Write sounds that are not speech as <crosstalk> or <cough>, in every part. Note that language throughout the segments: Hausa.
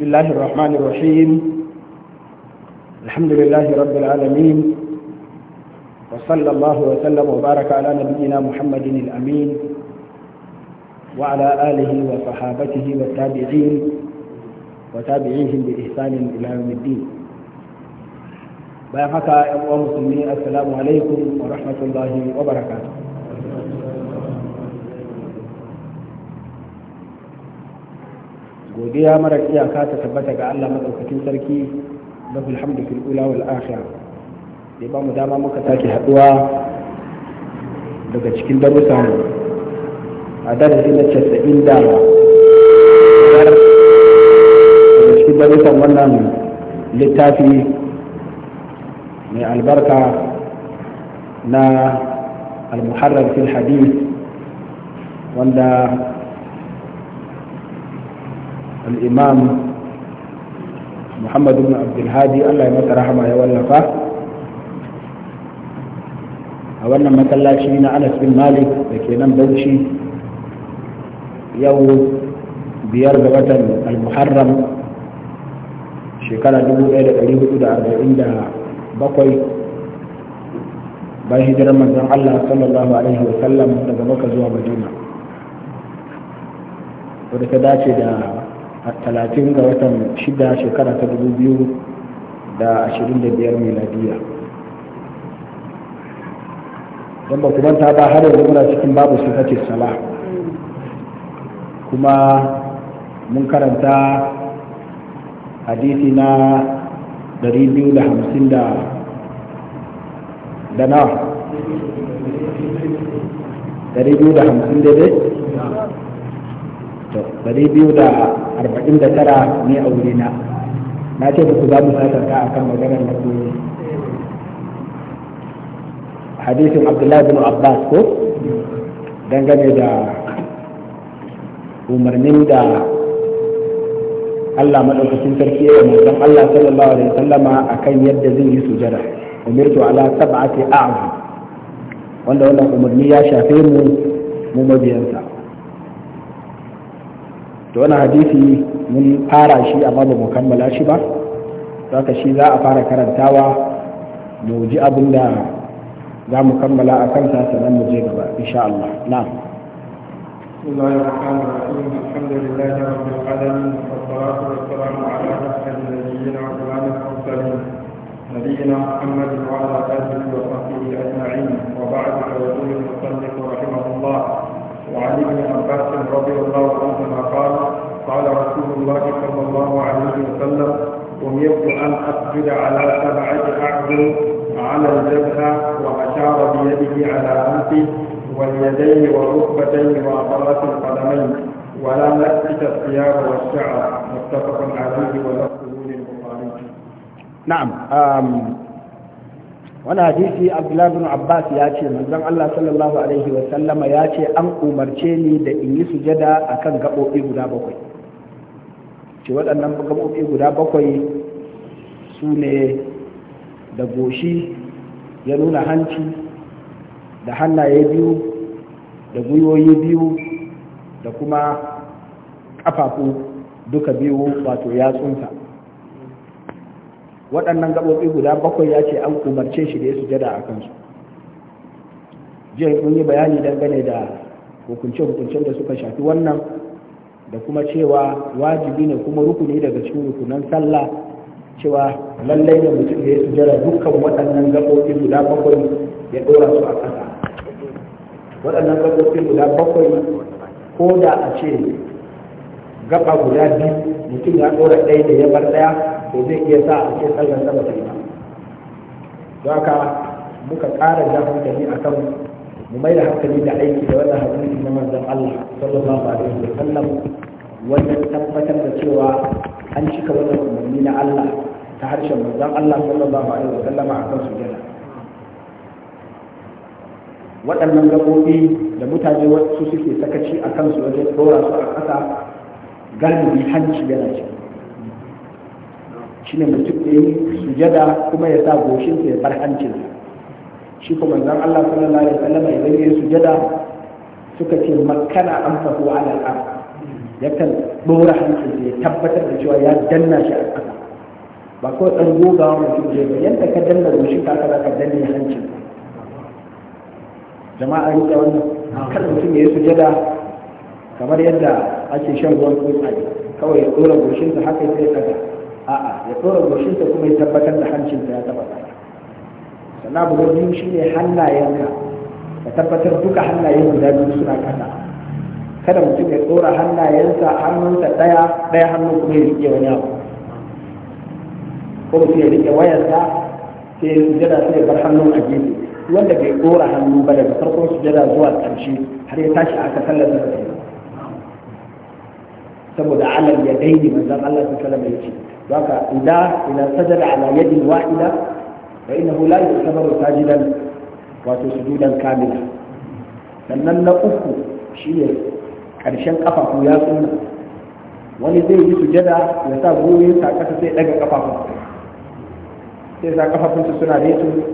بسم الله الرحمن الرحيم الحمد لله رب العالمين وصلى الله وسلم وبارك على نبينا محمد الأمين وعلى آله وصحابته والتابعين وتابعيهم بإحسان إلى يوم الدين بارك يا السلام عليكم ورحمة الله وبركاته godiya mara iyaka ta tabbata ga Allah madaukakin sarki lahul hamdu fil ula wal akhirah da ba mu dama muka take haduwa daga cikin darussan a darasi na 90 da daga cikin darussan wannan littafi mai albarka na al-muharrar fil hadith wanda al'imam muhammad ibn abdulhadi allah ya masa rahama ya wallafa a wannan masallaci na anas bin malik da ke nan bauchi yau biyar ga watan al-muharram shekara 1447 bayan hijirar manzon Allah sallallahu alaihi wa sallam daga Makka zuwa Madina wadda ta dace da a talatin ga watan shida shekara ta dubu biyu da ashirin da biyar miladiya don ba ku manta ba har yanzu muna cikin babu sifati sala kuma mun karanta hadisi na dari biyu da hamsin da da nawa dari biyu da hamsin daidai dari biyu da arba'in da tara ne a wurina na ce ku za mu sassanta a kan maganar na koyi hadisin abdullahi bin abbas ko dangane da umarnin da Allah madaukakin sarki ya manzon Allah sallallahu alaihi wasallama akan yadda zai yi sujada umirtu ala sab'ati a'zam wanda wannan umarni ya shafe mu mu mabiyansa to wani hadisi mun fara shi amma ba mu kammala shi ba haka shi za a fara karantawa mu ji abin da za mu kammala a kansa sannan mu je gaba insha Allah na'am بسم الله الرحمن الرحيم الحمد لله رب العالمين والصلاة والسلام على أسعد النبيين وإمام المرسلين نبينا محمد وعلى آله وصحبه أجمعين وبعد فيقول المصنف رحمه الله وعن ابن عباس رضي الله عنهما قال قال رسول الله صلى الله عليه وسلم أمرت أن أسجد على سبعة اعبد على الجبهة وأشار بيده على أنفه واليدين والركبتين وأطراف القدمين ولا نسكت الثياب والشعر متفق عليه ولفظه للبخاري. نعم wani hadisi abdullahi bin abbas ya ce manzon allah sallallahu alaihi wa sallama ya ce an umarce ni da in yi sujada akan gaɓoɓi guda bakwai ce waɗannan gaɓoɓi guda bakwai su ne da goshi ya nuna hanci da hannaye biyu da gwiwoyi biyu da kuma ƙafafu duka biyu wato yatsunsa waɗannan gaɓoɓi guda bakwai ya ce an umarce shi da ya sujada a kansu jiya kun yi bayani dangane da hukunce-hukuncen da suka shafi wannan da kuma cewa wajibi ne kuma rukuni daga cikin rukunan sallah cewa lallai ne mutum da ya sujada dukkan waɗannan gaɓoɓi guda bakwai ya ɗora su a ƙasa waɗannan gaɓoɓi guda bakwai ko da a ce gaɓa guda biyu mutum ya ɗora ɗaya da ya bar ɗaya to zai iya sa a ce sallar sama ta ba don haka muka ƙara da hankali a kan mu mai da hankali da aiki da wannan hadisi na manzon Allah sallallahu alaihi wa sallam wannan tabbatar da cewa an cika wannan umarni na Allah ta harshen manzon Allah sallallahu alaihi wa sallama a kan sujada waɗannan gabobi da mutane wasu suke sakaci a kansu wajen ɗora su a ƙasa galibi hanci yana ciki ne mutum ya yi sujada kuma ya sa goshinsa ya bar hancin shi kuma zan Allah sallallahu alaihi wasallam idan ya yi sujada suka ce makana an fahu ala al yakan dora hancinsa ya tabbatar da cewa ya danna shi a ƙasa ba ko ɗan goga wa mutum je ba yadda ka danna goshin ka za ka danne hancin jama'a rike wannan kar mutum ya yi sujada kamar yadda ake shan ruwan tsuntsaye kawai ya dora goshinsa haka sai ya ɗaga a'a ya tsora ta kuma ya tabbatar da ta ya taba kasa sannan abu na shi ne hannayenka ka tabbatar duka hannayen guda biyu suna kasa kada mutum ya tsora hannayensa hannunsa daya daya hannun kuma ya rike wani abu ko mutum ya rike wayarsa sai ya sujada sai ya bar hannun a gefe wanda bai tsora hannu ba daga farkon sujada zuwa ƙarshe har ya tashi aka sallar da saboda alal ya daidai manzon Allah sallallahu alaihi wasallam ya ce ذاك إذا إذا سجد على يد واحدة فإنه لا يعتبر ساجدا وتسجودا كاملا sannan na uku shi ne ƙarshen ƙafafu ya tsuna wani zai yi sujada ya sa goyon sa ƙasa sai ɗaga ƙafafun sai suna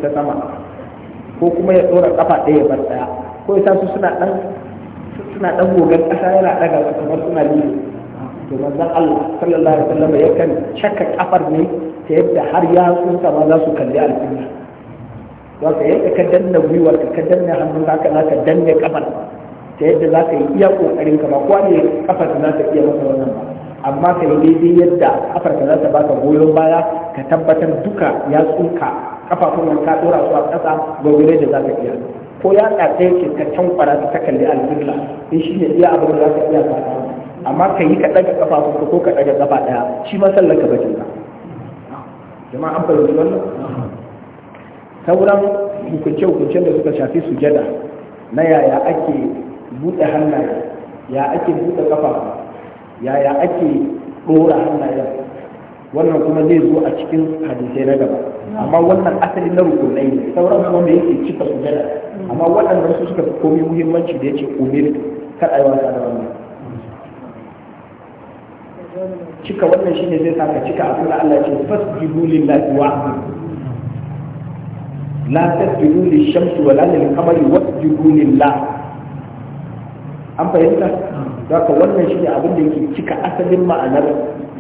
ta sama ko kuma ya ɗora ƙafa ɗaya bar ɗaya ko ya sa su suna ɗan gogar ƙasa yana ɗaga su kamar suna lilo to manzon Allah sallallahu alaihi wasallam kan caka kafar ne ta yadda har ya tsunta ma za su kalli alƙibla za ka yadda ka danna gwiwar ka danna hannun ka za ka danna kafar ta yadda za ka yi iya kokarin ka ba kowa ne kafar za ka iya masa wannan ba amma ka yi daidai yadda kafar ka za ta baka goyon baya ka tabbatar duka ya tsunka kafafun nan ka dora su a ƙasa gwagware da za ka iya ko ya tsaye ce ka tankwara ta kalli alƙibla in shi ne iya abin da za ka iya ba amma ka yi ka ɗaga ƙafa ko ko ka ɗaga ƙafa ɗaya shi ma sallar ka bakin ka jama'a an fahimci wannan sauran hukunce-hukuncen da suka shafi sujada na yaya ake buɗe hannaye ya ake buɗe ƙafa yaya ake ɗora hannaye wannan kuma zai zo a cikin hadisai na gaba amma wannan asali na rukunai ne sauran kuma da yake cika sujada amma waɗannan su suka fi komai muhimmanci da yake umir kar a yi wasa da wannan cika wannan shine zai sa ka cika abin da Allah ya ce fasjudu lillahi wa la tasjudu lishamsi wa la lilqamari wasjudu lillah an fahimta ka wannan shine abin da yake cika asalin ma'anar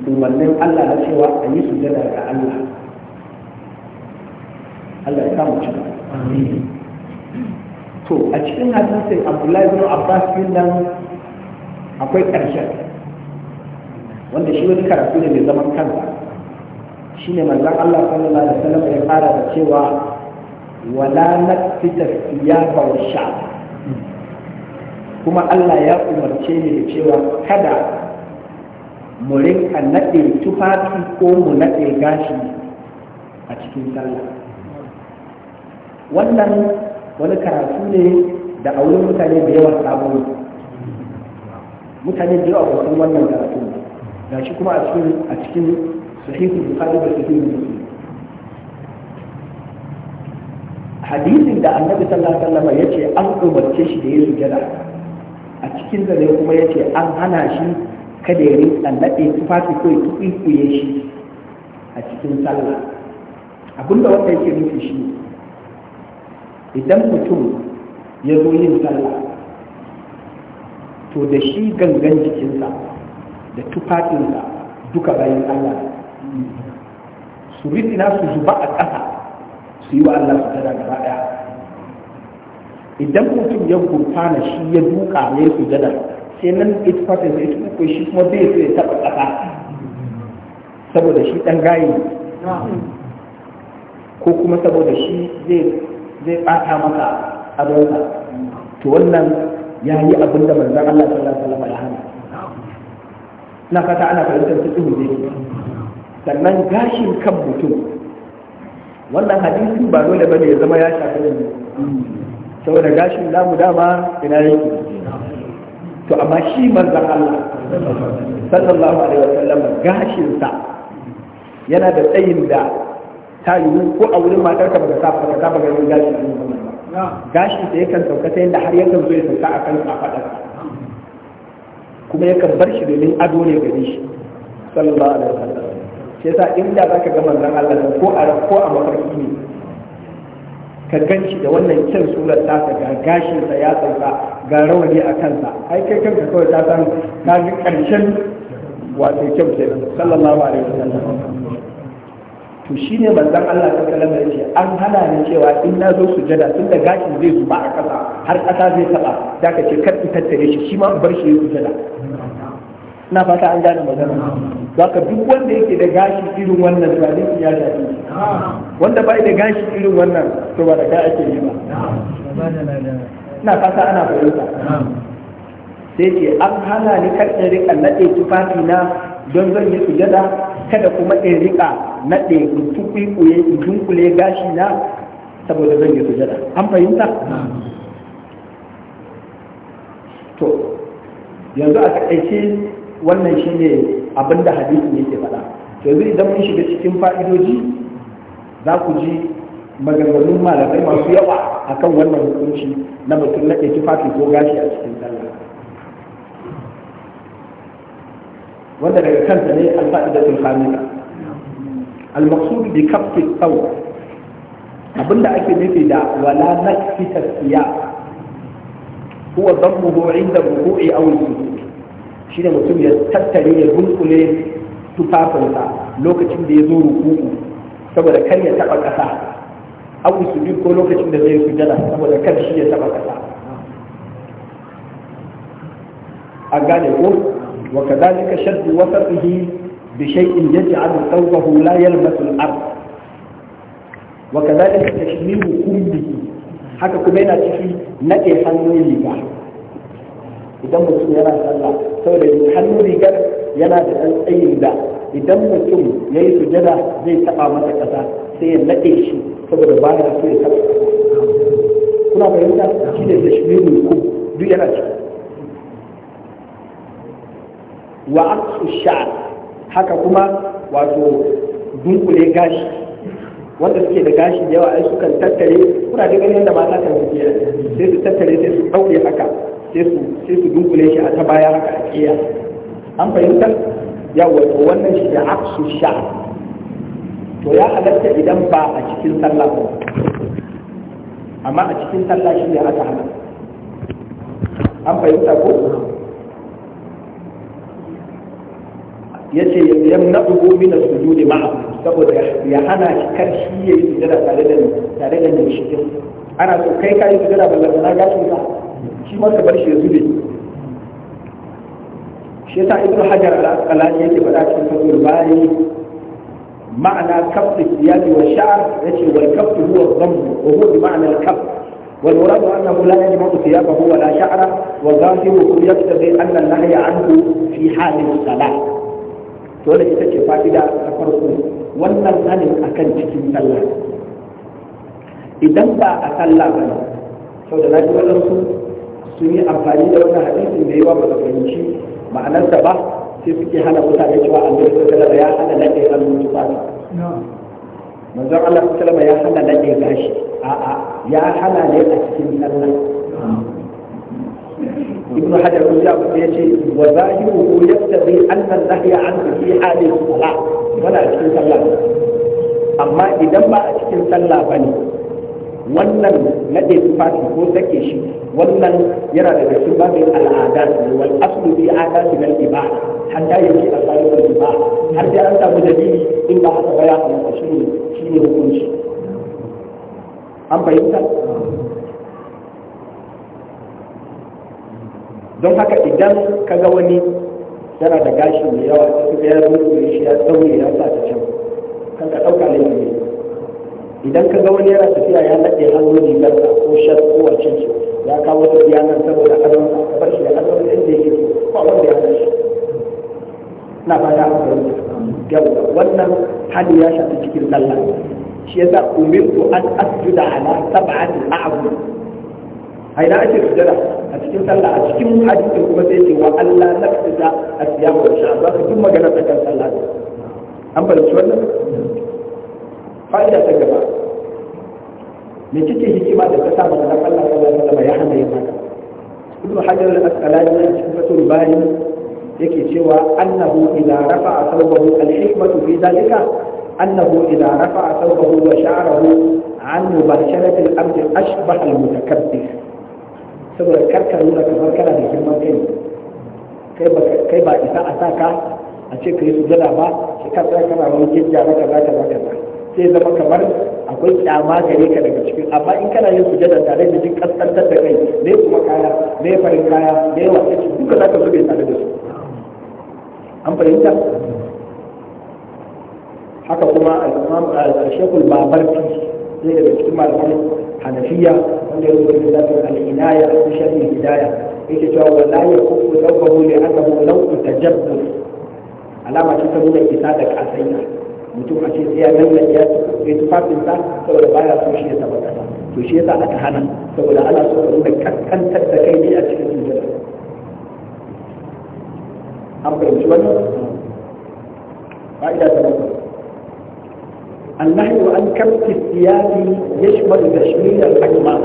umarnin Allah na cewa a yi sujada ga Allah Allah ya samu cika to a cikin hadisin Abdullahi bin Abbas nan akwai ƙarshen wanda shi wani karatu ne mai zaman kansa shi ne manzan Allah sallallahu alaihi wasallam ya fara da cewa wala naqtita ya wa kuma Allah ya umarce ni da cewa kada mu rinka naɗe tufafi ko mu naɗe gashi a cikin sallah wannan wani karatu ne da a wurin mutane da yawan sabo mutane da yawa ba wannan karatu ne gashi kuma a cikin a cikin sahihul bukhari da sahihul muslim hadisin da annabi sallallahu alaihi wasallam yace an umarce shi da ya jada a cikin zane kuma yace an hana shi kada ya yi nade tufafi ko ya kuye shi a cikin sallah abinda wanda yake nufi shi idan mutum ya zo yin sallah to da shi gangan jikinsa da tufafinsa duka bayan Allah su rufina su zuba a ƙasa su yi wa Allah su jada gaba ɗaya idan mutum ya gurfana shi ya duka ne su jada sai nan ita fatin da ita kuka shi kuma bai sai ya taɓa ƙasa saboda shi ɗan gayi ko kuma saboda shi zai ɓata maka adonsa to wannan ya yi abin da manzan Allah sallallahu alaihi wasallam na fata ana fahimtar su ɗin ne sannan gashin kan mutum wannan hadisi ba dole bane ya zama ya shafi da saboda gashin namu dama ina yake to amma shi manzon Allah sallallahu alaihi wasallam gashin sa yana da tsayin da ta yiwu ko a wurin matar ka baka saba ka saba ga gashin gashin da yakan sauka sai da har yakan zo ya sauka a kan kafadarsa kuma yakan bar shi domin ado ne gare shi sallallahu alaihi wasallam sai sa inda zaka ga manzon Allah ko a ko a mafarki ne ka ganci da wannan kyan surar ta ga gashin sa ya tsanka ga rawani a kansa ai kai kanka kawai ta san ka ga karshen wato kyau kenan sallallahu alaihi wasallam to shine manzon Allah ta kalama yace an hana ni cewa in na zo sujada tun da gashin zai zuba a kasa har kasa zai taba da ka ce kar ki tattare shi shi ma bar shi ya sujada na fata an gane magana baka duk wanda yake da gashi irin wannan zalunci ya shafi wanda bai da gashi irin wannan to ba da ka ake yi ba na fata ana fahimta sai ce an hana ni kar in naɗe tufafi na don zan yi sujada kada kuma in riƙa naɗe in tukwikule in dunkule gashi na saboda zan yi sujada an fahimta to yanzu a takaice wannan ne abin da hadisin yake faɗa to yanzu idan mun shiga cikin fa'idoji za ku ji maganganun malamai masu yawa a kan wannan hukunci na mutum na ke tufafi ko gashi a cikin sallah wanda daga kanta ne alfa'idatul khamisa al-maqsud bi kaffi thawb abinda ake nufi da wala nakfita siya huwa dhammuhu inda ruku'i aw sujud shi da mutum ya tattare ya dunkule tufafinsa lokacin da ya zo rukuku saboda kar ya taɓa ƙasa abu su bi ko lokacin da zai sujada saboda kar shi ya taɓa ƙasa a gane ko wa kadhalika shaddu wasatihi bi shay'in yaj'alu thawbahu la yalmasu al-ard wa kadhalika tashmihu kullihi haka kuma yana ciki nade hannun riga idan mutum yana sallah saboda hannun rigar yana da ɗan tsayin da idan mutum ya yi sujada zai taɓa masa ƙasa sai ya naɗe shi saboda ba ya so ya taɓa kuna fahimta shi ne da ne ku duk yana ciki wa aksu sha'r haka kuma wato dunkule gashi wanda suke da gashi da yawa ai sukan tattare kuna da ganin da mata kan yi sai su tattare sai su ɗauke haka sai su dunkule shi a ta baya haka a ƙiya an fahimta ya wato wannan shi da aksu sha to ya halatta idan ba a cikin sallah ba amma a cikin sallah shi ne aka hana an fahimta ko ya ce na ugu min sujudi ma saboda ya hana shi kar shi yayi sujada tare da tare da ne shi ana so kai kai sujada ballan na gashi ba. shi ma ka bar shi ya zube shi yasa ibnu hajar al-asqalani yake faɗa cikin fasul bari معنى كف الثياب والشعر يجي والكف هو الضم وهو بمعنى الكف والمراد انه لا يجمع ثيابه ولا شعره وظاهره يقتضي ان النهي عنه في حال الصلاه dole ita ce fa'ida ta farko wannan sanin akan cikin sallah idan ba a sallah ba ne sau da na ji waɗansu sun yi amfani da wannan hadisin da yawa ba su fahimci ma'anarsa ba sai suke hana mutane cewa annabi sallallahu alaihi ya hana nade hannun tufafi manzon Allah sallallahu ya hana nade gashi a'a ya hana ne a cikin sallah ya ابن حجر يقول يا شيخ وظاهره an ان النهي hali في حال الصلاه a cikin sallah. amma idan ba a cikin sallah ba ne wannan nade fashi ko sake shi wannan yana da su ba babin al'ada ne wal aslu fi adati al har da yake a sayu al ba har da an samu dalili in ba haka ba ya kamata shi ne shi shine hukunci an fahimta don haka idan ka ga wani yana da gashi mai yawa cikin ya rufe shi ya tsaure ya sa ta can kan ka ɗauka laifi ne idan ka ga wani yana tafiya ya naɗe hannun rigarsa ko shar ko wacin su ya kawo tafiya nan saboda adonsa ka bar shi da adon inda yake so ba wanda ya hana shi na fata a fahimta yau wannan hali ya shafi cikin sallah shi yasa umirtu an asjuda ala sab'ati a'bud ai da ake sujada a cikin sallah a cikin hadisin kuma sai ce wa Allah nafsida asiyamu wa sha'aba duk magana ta kan sallah an bar wannan fa'ida ta gaba me kike hikima da ta sa manzon Allah sallallahu alaihi wasallam ya hana yin haka ibnu hajar al-asqalani a cikin fatul bari yake cewa annahu idza rafa'a thawbahu al-hikmatu fi dhalika annahu idza rafa'a thawbahu wa sha'rahu an mubasharati al-amr ashbah al-mutakabbir saboda karka nuna kamar kana da girman kai kai ba isa a saka a ce kai sujada ba sai ka tsaya kana wani gidda kaza kaza kaza sai zama kamar akwai kyama gare ka daga cikin amma in kana yin sujada tare da jin kaskantar da kai ne kuma kaya ne farin kaya ne wata ci duka za ka zube tare da su an fahimta haka kuma al'umma a shekul babar fi ne daga cikin malamai hanafiya wanda ya rubuta da zafin a inaya da sharhi hidaya yake cewa wala ya kufu dabbahu li annahu law jabbu alama ta nuna isa da kasaiya mutum a ce sai ya lallake ya tufafin sa saboda baya so shi ya taba kasa to shi yasa aka hana saboda ana so ka nuna kaskantar da kai ne a cikin sujada an fahimci wannan fa'ida ta bakwai النهي عن كبت الثياب يشمل تشميل الأجمال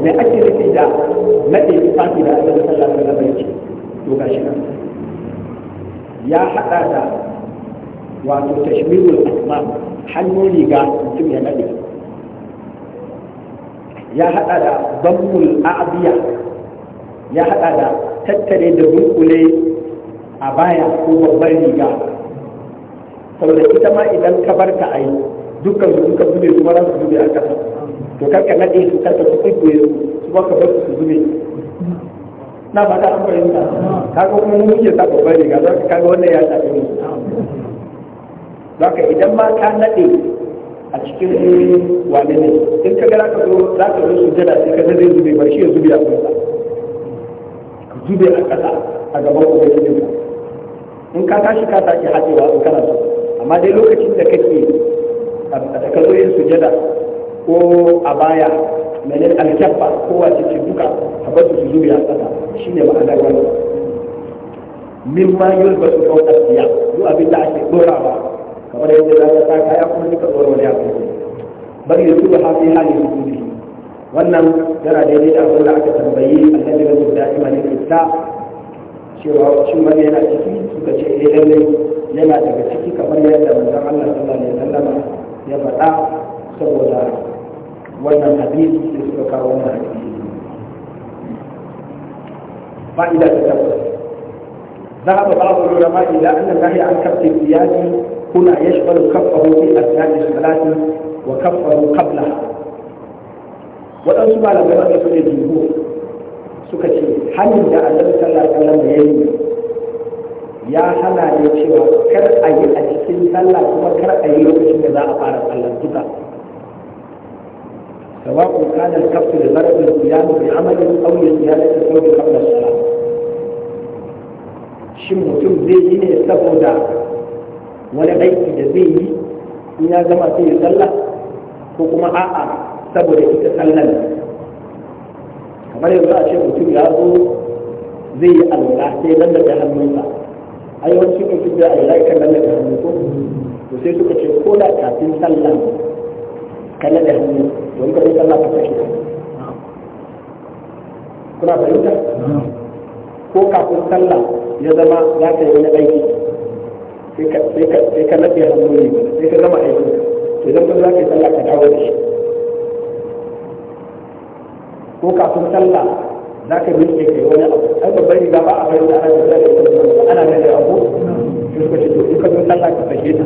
mai ake nufi da nade tufafi da annabi sallallahu alaihi wasallam ya ce to gashi nan ya hada da wato tashmirul asma hannun riga mutum ya nade ya hada da bammul a'biya ya hada da tattare da dunkule a baya ko babbar riga saboda ita ma idan ka bar ta ai dukkan su duka zube su mara su zube a kasa to karka nade su karka su kuɗe su su ba ka bar su zube na fata an fahimta kaga kuma mun ke sa babbar riga za ka kaga wannan ya shafi mu zaka idan ma ka nade a cikin wane ne in ka gara ka zo za ka zo jada sai ka zai zube bar shi ya zube a kusa ka zube a kasa a gaban ubangijin ka in ka tashi ka sake haɗewa in kana so amma dai lokacin da kake ka zo yin sujada ko a baya mene alkyabba ko wace ce duka a basu su zube a kasa shine ma'anar wannan mimma basu kawo siyam duk abin da ake dorawa kamar yadda za ka sa kaya kuma duka tsoron wani abu bari ya tuba hafi hali su tubi wannan yana daidai da abin da aka tambayi annabi na guda imanin ita cewa shi wani yana ciki suka ce eh lallai yana daga ciki kamar yadda manzon Allah sallallahu alaihi wasallam ya faɗa saboda wannan hadisi da suka kawo wannan hadisi fa'ida ta ذهب بعض العلماء إلى أن النهي عن كبت الثياب هنا يشغل كفه في اثناء الصلاه وكفه قبلها وأنسوا على غير أن يكون الجمهور سكتي هل جاء النبي صلى الله عليه وسلم يلي يا هلا يشوى كر أي أجسين صلى الله عليه وسلم كر أي يوم إذا أقار صلى الله سواء كان الكفر لبرد القيام بعمل أو لزيادة الثوب قبل الصلاة شمتم زيجين يستفوا ذلك wani aiki da zai yi in ya zama sai ya tsalla ko kuma a'a saboda ita tsallan kamar yanzu a ce mutum ya zo zai yi alwala sai nan da ta hannunsa yi wani cikin cikin da yi laikar nan da hannun ko to sai suka ce ko da kafin sallah na da To don ka yi tsalla ka kashe kuna fahimta ko kafin tsalla ya zama za ka yi wani aiki sai ka naɗe hannu ne sai ka gama aikin Sai idan kuma za ka yi sallah ka dawo da shi ko kafin sallah za ka miƙe kai wani abu ai babban riga ba a bari da ana da zai ana da zai abu sai suka ce to in ka zo sallah ka sake ta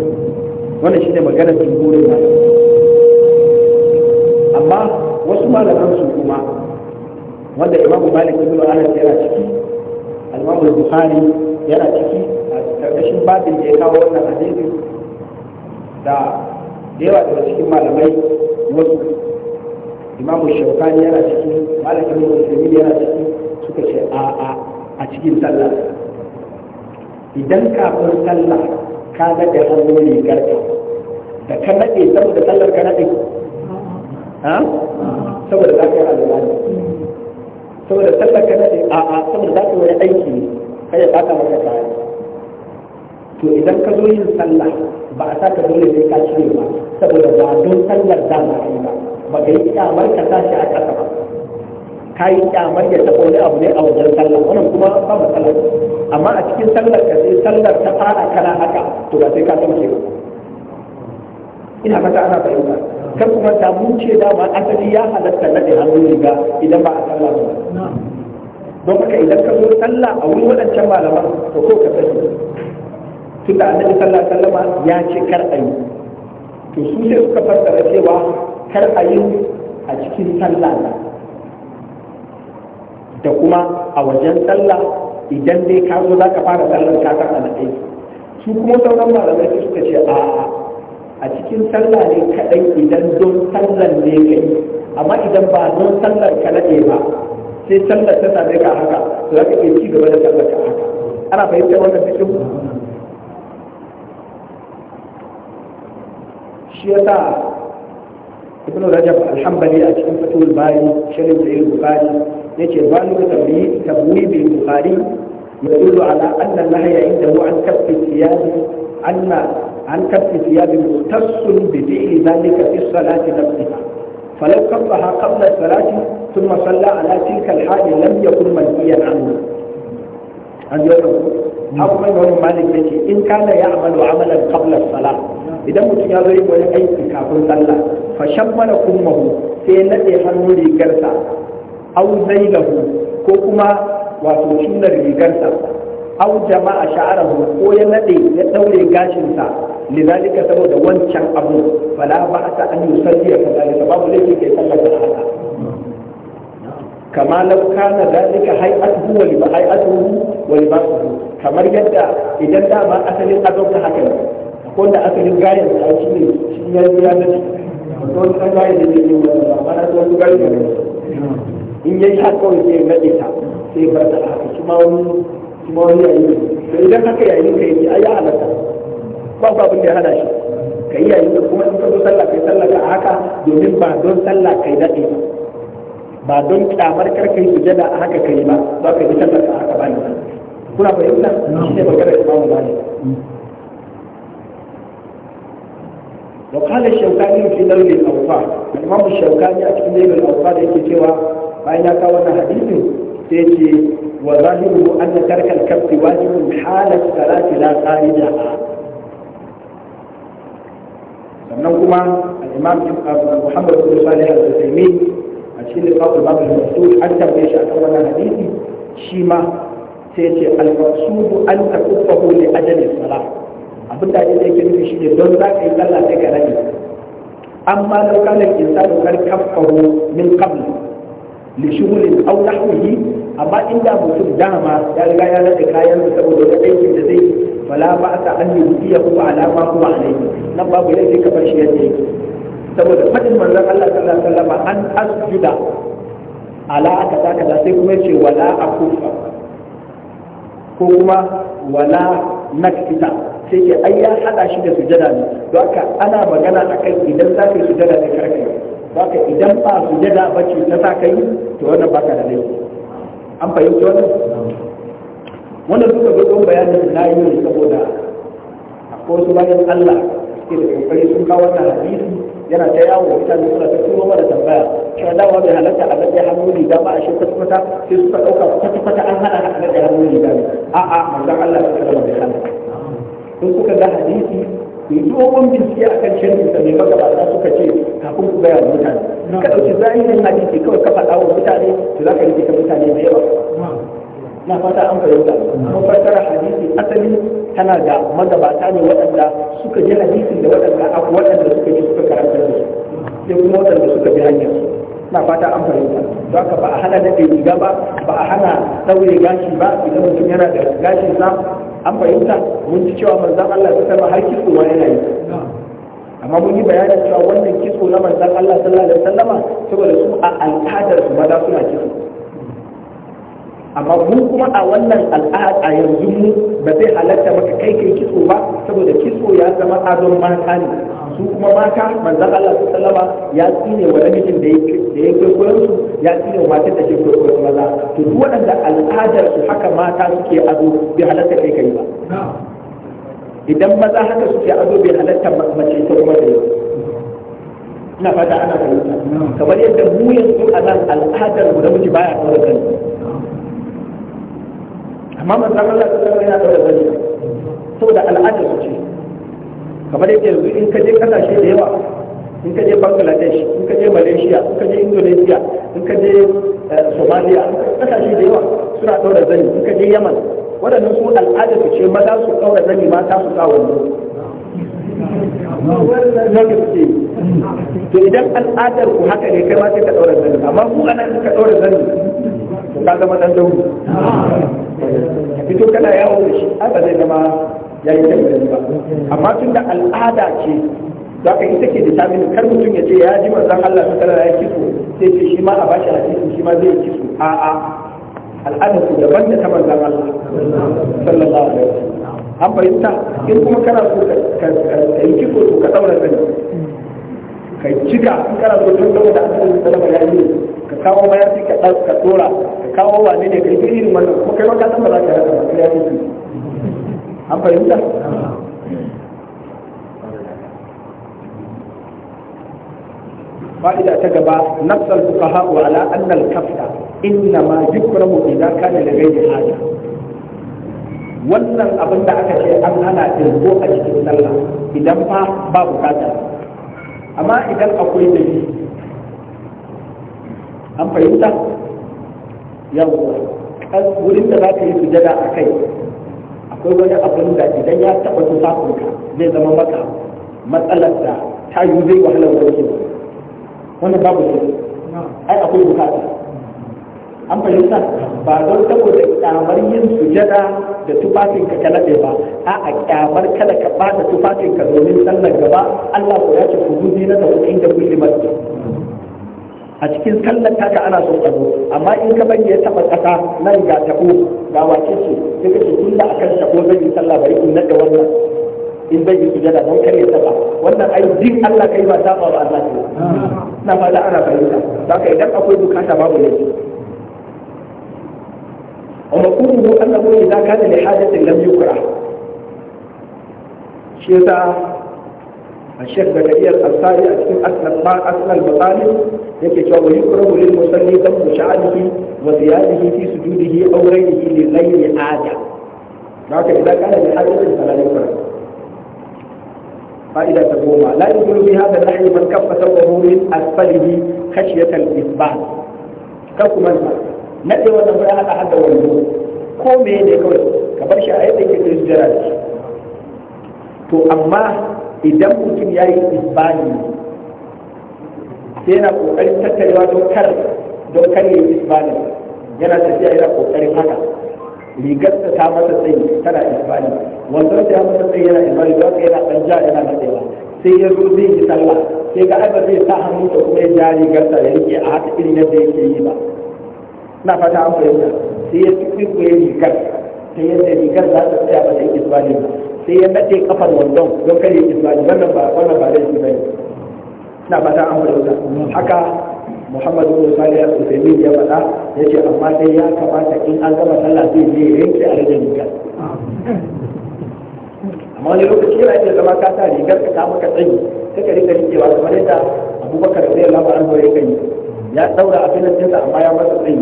wannan shine maganar jimburin na. amma wasu malaman su kuma wanda imamu malik ibn anas yana ciki al-imamu bukhari yana ciki karkashin babin da ya kawo wannan hadisi da yawa daga cikin malamai wasu imamu shaukani yana cikin malakin musulmi yana ciki suka ce a a a cikin sallah idan kafin sallah ka daga hannun rigar ka da ka nade saboda sallar ka nade saboda za ka yi alwani saboda sallar ka nade a a saboda za ka yi wani aiki ne kai ya fata maka kaya to idan ka zo yin sallah ba a saka dole sai ka cire ba saboda ba don sallar da a yi ba ba ka yi kyamar ka sa shi a ƙasa ba ka yi kyamar ya taɓa wani abu ne a wajen sallah wannan kuma ba matsala amma a cikin sallar ka sai sallar ta fara kana haka to ba sai ka sauke ba ina fata ana fahimta kar kuma ta muce dama asali ya halatta na ɗin hannun riga idan ba a sallah ba don haka idan ka zo sallah a wurin waɗancan malaman to ko ka sani Tunda annabi sallallahu alaihi wasallam ya ce kar a yi to su sai suka fassara cewa kar a yi a cikin sallah da kuma a wajen sallah idan dai ka zo za ka fara sallar ka san alaƙai su kuma sauran malamai su suka ce a a cikin sallah ne kaɗai idan don sallar ne kai amma idan ba don sallar ka naɗe ba sai sallar ta same ka haka to za ka iya ci gaba da sallar ka haka ana fahimtar wannan cikin shi ابن sa الحنبلي rajab الباري a cikin fatul bari تبويب da bukhari يدل على أن النهي عنده عن كف الثياب أن عن كف الثياب مختص بفعل ذلك في الصلاة نفسها فلو كفها قبل الصلاة ثم صلى على تلك الحال لم يكن منهيا عنه an ji wannan abu mai wani malik ya ce in kana ya amalu amalan qabla Sala. idan mutum ya zo yi wani aiki kafin sallah fa shammala kummahu sai ya nade hannu rigarsa aw zailahu ko kuma wato sunnar rigarsa aw jama'a sha'arahu ko ya nade ya daure gashinsa lidalika saboda wancan abu fala ba ta an yusalli ka zalika babu laifi kai sallar da haka kama lau kana zalika hay'atuhu wa liba hay'atuhu wa libasuhu kamar yadda idan dama asalin azauta haka ne ko da asalin gayan sa shi ne shi ya yi ya dace to wani kan gayan da yake wani ba mana ta wani gayan da in yayi haka kawai sai nade ta sai bar ta haka shi ma wani shi ma wani yayi to idan haka yayi ka yi ai ya halatta ba ba abin da ya hada shi kai yayi kuma in ka zo sallah kai sallah ka haka domin ba don sallah kai dade ba ba don kyamar karka yi sujada a haka kai ba za ka yi sallar a haka bani kuna fahimta shi ne magana imamu malik وقال الشوكاني في نيل الاوطان الامام الشوكاني في نيل da yake cewa bayan ya kawo wannan hadisin sai ce, wa zahiru anna tarka al wajibun halat salati la kharija sannan kuma al-imam Muhammad bin Salih al-Uthaymeen a cikin littafin babu da masu an tambaye shi akan wannan hadisi shi ma sai ce al-maqsudu an takuffahu li ajali salah abin da ake yake nufi shi ne don za ka yi sallah sai ka rage amma law kana insanu kar kaffahu min qabl li shughulin aw nahwihi amma inda mutum dama ya riga ya rage kayan saboda wani aikin da zai fala ba ta an yi biya ko alama ko alai nan babu yadda ka bar shi yadda yake saboda faɗin manzon Allah sallallahu alaihi wasallam an asjuda ala aka za kaza sai kuma ce wala akufa ko kuma wala nakita sai ke ai ya hada shi da sujada ne to aka ana magana akan idan za ka yi sujada ne karka yi haka idan ba sujada ba ce ta sa kai to wannan baka da laifi an fahimci wannan wannan duka gudun bayanin na yi ne saboda akwai wasu bayan Allah suke da kokari sun kawo wannan hadisi yana ta yawo mutane suna ta turo mana tambaya cewa dama bai halatta a gaɗe hannu riga ba a shi kwata sai suka ɗauka kwata kwata an hana a gaɗe hannu riga ne a'a manzon Allah ya kalla bai hana in kuka ga hadisi ku yi dogon bincike akan shirin da mai magabata suka ce kafin ku gaya wa mutane ka ɗauki zahirin hadisi kawai ka faɗa wa mutane to za ka rike mutane da yawa na fata an fahimta kuma fassara hadisi asali tana da magabata ne waɗanda suka ji hadisi da waɗanda aku waɗanda suka ji suka karanta da su sai kuma waɗanda suka ji hanyar su na fata an fahimta don haka ba a hana daɗe riga ba ba a hana ɗaure gashi ba idan mutum yana da gashin sa an fahimta mun ji cewa zan Allah ya saba har kitso ma yana yi amma mun yi bayanin cewa wannan kitso na manzon Allah sallallahu alaihi wasallama saboda su a al'adar su maza suna kitso amma mu kuma a wannan al'ad a yanzu mu ba zai halatta maka kai kai kitso ba saboda kitso ya zama adon mata ne su kuma mata manzan Allah su sallama ya tsine wa namijin da ya da yake koyon su ya tsine wa matar da ke koyon maza to duk waɗanda al'adar su haka mata suke ado bai halatta kai kai ba idan maza haka suke ado bai halatta mace ta kuma da yau ina fata ana fahimta kamar yadda mu yanzu a nan al'adar mu namiji baya kawai kansa amma manzon Allah ta sallallahu yana daura zani saboda al'adar su ce kamar yadda yanzu in ka je kasashe da yawa in ka je Bangladesh in ka je Malaysia in ka je Indonesia in ka je eh, Somalia kasashe da yawa suna daura zani in ka je Yaman waɗannan su al'adar su ce maza su daura zani mata su sa wando to idan al'adar ku haka ne kai ma sai ka daura zani amma ku anan ka daura zani ka zama dan dauri ka fito kana yawo da shi haka zai zama ya yi kyau da ba amma tun da al'ada ce za ka ita ke determine kar mutum ya ce ya ji manzon Allah ta kana ya kiso sai ce shi ma a bashi a hadisi shi ma zai kiso a a al'adar ku daban da ta manzon Allah sallallahu alaihi wasallam an fahimta in kuma kana so ka yi kiso to ka daura sani ka cika in kana so tun saboda an sallallahu alaihi wasallam ya yi ka kawo mayafi ka ka tsora kawo wane ne kai irin wannan ko kai ka san ba za ka rasa ba ya kike an fahimta fa'ida ta gaba nafsal fuqaha haɓu ala anna al-kafta inna ma yukramu idan kana da gairi haja wannan abin da aka ce an hana ko a cikin sallah idan fa ba bukata amma idan akwai dalili an fahimta yawwa wurin da za ka yi sujada a kai akwai wani abin da idan ya taɓa su ka zai zama maka matsalar da ta yi zai wahalar wanke wani babu shi ai akwai bukata an fahimta ba don saboda kyamar yin sujada da tufafinka ka naɗe ba a kyamar kada ka ɓata tufafinka domin sallar gaba Allah ko ya ce ku guzi na da kuɗin da kulli a cikin sallar taka ana son tsaro amma in ka bari ya taba kasa nan ga tabo ga wace ce sai tun da akan tabo zan yi sallah bari in nada wannan in zan yi sujada don kar ya taba wannan ai din Allah kai ba saba ba Allah ne na fada ana don haka idan akwai bukata babu ne idan ka da كان lam yukra shi شيء الشيخ زكريا الأنصاري أسلم أسلم أسلم المطالب يكي شو يكره للمصلي ضم شعره وزياده في سجوده أو غيره لغير حاجة لكن إذا كان لحاجة فلا يكره فإذا تقوم لا يدخل في هذا النحو من كف ثوبه من أسفله خشية الإثبات كف من نأتي ونقول هذا حد والنور كومي ne كبرش ka bar shi تو أما idan mutum ya yi isbani sai yana kokarin tattarewa don dokar ya yi isbani yana tafiya yana kokarin haka rigarsa ta masa tsayi tana isbani wanda ta masa tsayi yana isbani don haka yana ɗan ja yana matsewa sai ya zo zai yi sallah sai ga aiba zai sa hannu da kuma ya ja rigarsa ya rike a haka irin yadda yake yi ba na fata an fahimta sai ya tuɓi ko ya rigarsa sai yadda rigar za ta tsaya ba ta yi isbali ba sai ya nade kafar wandon don kare isbali wannan ba wannan ba laifi ba ina fata an fahimta haka Muhammad bin Salih al min ya faɗa yace amma dai ya kamata in an gama sallah sai je yanke a rage rigar amma wani lokaci yana iya zama ka sa rigar ka kama ka tsayi kake ka rika rikewa kamar yadda Abubakar radiyallahu anhu ya kai ya daura abin da amma ya masa tsayi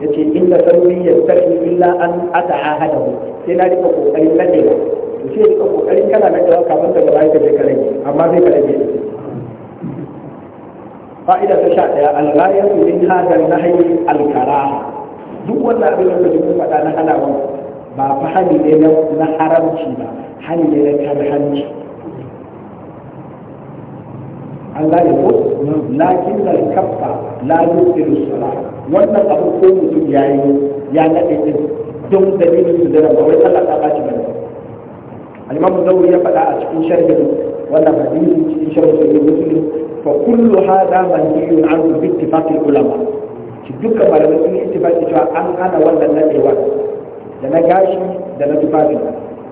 ya ce inda sauri ya tafi illa an ata ahada mu sai na rika kokarin nadewa to sai rika kokarin kana nadewa kafin daga baya ka je ka rage amma sai ka rage fa'ida ta sha daya al-ghayatu min hadha an-nahyi al-karaha duk wannan abin da kuka faɗa na halawa ba fa hani ne na haramci ba hani ne na karhanci Allah ya ko lakin da kafa la yusiru sala wannan abu ko mutum ya yi ya nade din don dalilin su da ba wai Allah ta baci bane al-imam zawri ya faɗa a cikin sharhin wannan hadisi cikin sharhin sahih muslim fa kullu hada manhiyun anhu bi ittifaqi ulama Ki duka malamai sun ittifaqi cewa an hana wannan nadewa da na gashi da na tufafi,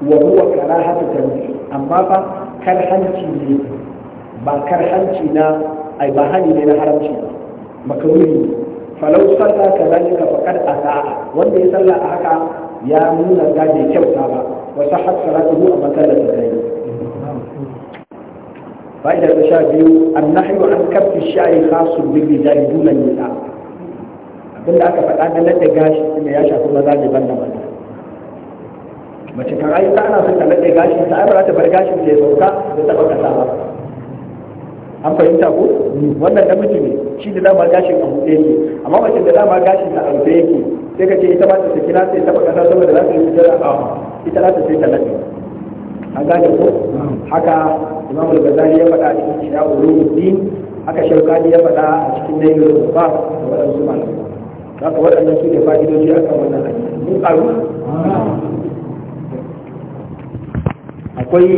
wa huwa karahatu tanzi amma fa kar hanci ne ba karhanci na ai ba hani ne na haramci ba makaruhi falau salla ka zalika faqad asaa wanda ya salla a haka ya nuna ga da kyauta ba wa sahat salatuhu amma kana da dai fa'ida ta sha biyu annahyu an kafi sha'i khasu bil rijal dun nisa abinda aka faɗa da lalle gashi ne ya shafi maza ne banda maza mace ta ai ta ana son ta lalle gashi ta ai ta bar gashin ta ya sauka da taba kasa ba an fahimta ko wannan namiji ne shi da dama gashin a buɗe yake amma mace da dama gashin na a rufe yake sai ka ce ita ba ta saki na sai taba kasa saboda za ta yi sujjada a ita za ta sai ta lafi an gane ko haka imam al-ghazali ya faɗa a cikin shi'a ulumuddin haka shaukani ya faɗa a cikin nailul ba da waɗansu za ka waɗannan su ne fa'idoji akan wannan hadisi mun ƙaru akwai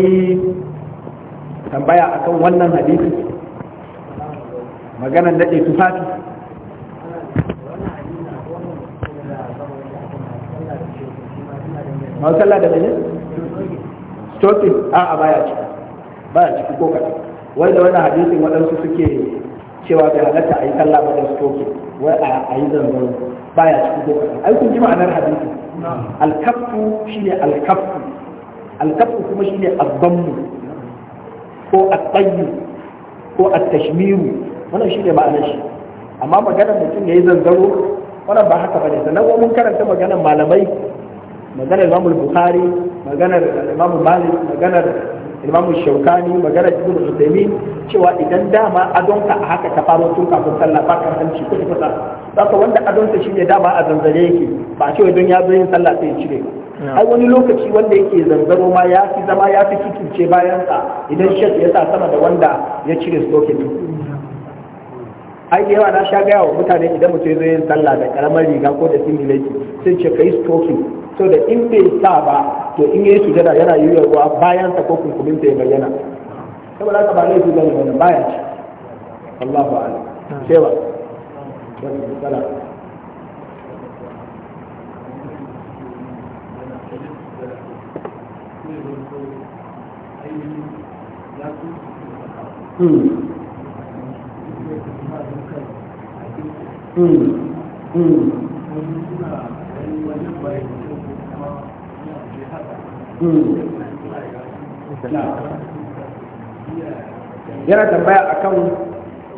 tambaya akan wannan hadisi maganan daɗe tufafi mausalla da mene? stokin a a baya ciki baya ciki ko kaɗan wai da wannan hadisin waɗansu suke cewa da halatta a yi sallah ba da stokin wai a yi zanzaro baya ciki ko kaɗan ai kun ji ma'anar hadisin alkafu shine alkafu alkafu kuma shine abbanmu ko attayu ko a attashmiru wannan shi ne ma'anar shi amma maganar mutum ya yi zanzaro wannan ba haka bane sannan mun karanta maganar malamai maganar imamul bukhari maganar imamul malik maganar imamul shaukani maganar ibn utaymi cewa idan dama adonka a haka ta faro tun kafin sallah ba ka san shi kuɗi kusa ka wanda adonka da dama a zanzare yake ba a cewa don ya zo yin sallah sai ya cire ai wani lokaci wanda yake zanzaro ma ya fi zama ya fi tutuce bayan sa idan shek ya sa sama da wanda ya cire stokin ai da yawa na sha gaya wa mutane idan mutum zai yin sallah da karamar riga ko da singileti sai ce yi stroking so da in bai sa ba to in yayi sujada yana yi yiwuwa bayan sa ko kunkumin ya bayyana saboda haka ba laifi bane wannan baya ce Allahu ci. sai ba cewa Hmm. yana tambaya akan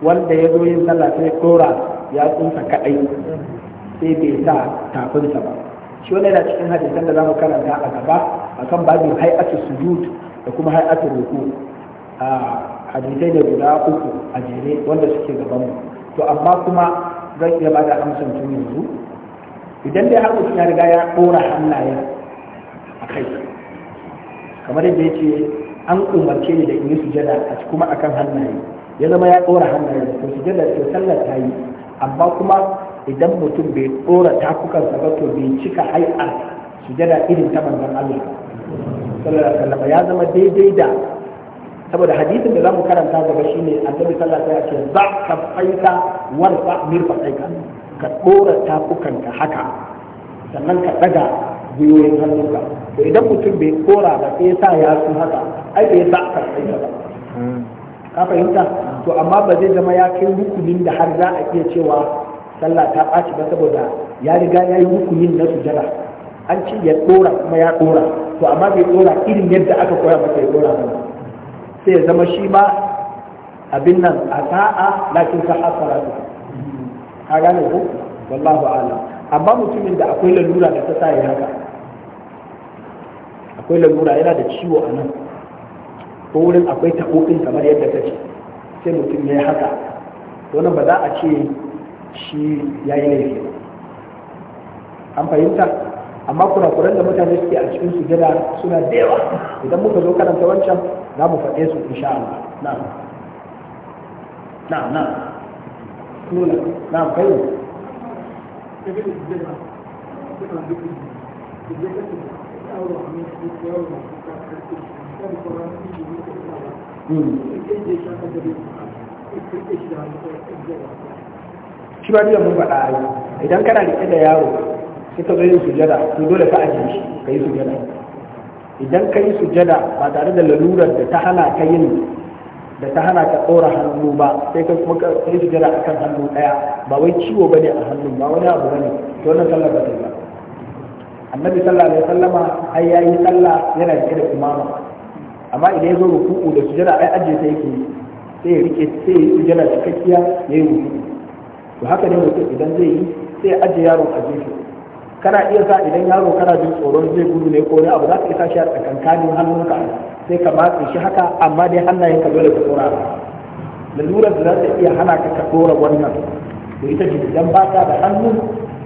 wanda ya zo yin sallah sai kora ya tsunsa kaɗai sai bai sa tafinsa ba shi wani yana cikin hadisan da mu karanta a gaba akan babin hay'atu sujud da kuma hay'atu ruku a ah, hadisai da guda uku a jere wanda suke gaban mu to amma kuma zai iya bada amsan tun yanzu idan dai har mutum riga ya ɗora hannaye a kai kamar yadda ya ce an umarce ni da in yi sujada a kuma akan hannaye ya zama ya ɗora hannaye to sujada to sallar ta yi amma kuma idan mutum bai ɗora takukansa ba to bai cika hai'ar sujada irin ta manzon Allah sallallahu alaihi wasallam ya zama daidai da saboda hadisin da za mu karanta gaba shine annabi sallallahu alaihi wasallam ya ce za ka faita warfa mirfaɗaika ka ɗora tafukanka haka sannan ka daga biyoyin hannunka to idan mutum bai ɗora ba sai sa ya su haka ai bai sa ka tsaye ba hmm. ka fahimta to amma ba zai zama ya kai rukunin da har za a iya cewa sallah ta ɓaci ba saboda ya riga ya yi rukunin na sujada an ce ya ɗora kuma ya ɗora to amma bai ɗora irin yadda aka koya masa ɗora ba sai ya zama shi ba. abin nan a sa'a lakin ka hasara su ka gane ko wallahu ala amma mutumin da akwai lalura da ta sa ya haka akwai lalura yana da ciwo a nan ko wurin akwai takokin kamar yadda ta ce sai mutum ya yi haka wannan ba za a ce shi ya yi laifi an fahimta amma kurakuran da mutane suke a cikin sujada suna da yawa idan muka zo karanta wancan za mu faɗe su insha Allah na'am نعم نعم نعم نعم طيب shi ba biyan mun faɗa a idan kana riƙe da yaro sai ka yin sujada to dole ka ajiye shi ka yi sujada idan ka yi sujada ba tare da lalurar da ta hana ka yin da ta hana ka tsora hannu ba sai ka kuma ka yi a akan hannu ɗaya ba wai ciwo ba ne a hannun ba wani abu ne, to wannan sallar ba ta yi ba annabi sallallahu alaihi sallama ai ya yi sallah yana rike da imama amma idan ya zo ruku'u da sujada ai aje ta yake sai ya rike sai ya sujada cikakkiya yi ruku'u to haka ne mutum idan zai yi sai aje yaro a jefe kana iya sa idan yaro kana jin tsoron zai gudu ne ko wani abu za ka isa shi a tsakankanin hannunka sai ka matse shi haka amma dai hannayen ka dole ka tsora lalurar da za ta iya hana ka ka tsora wannan da ita ce idan ba ka da hannu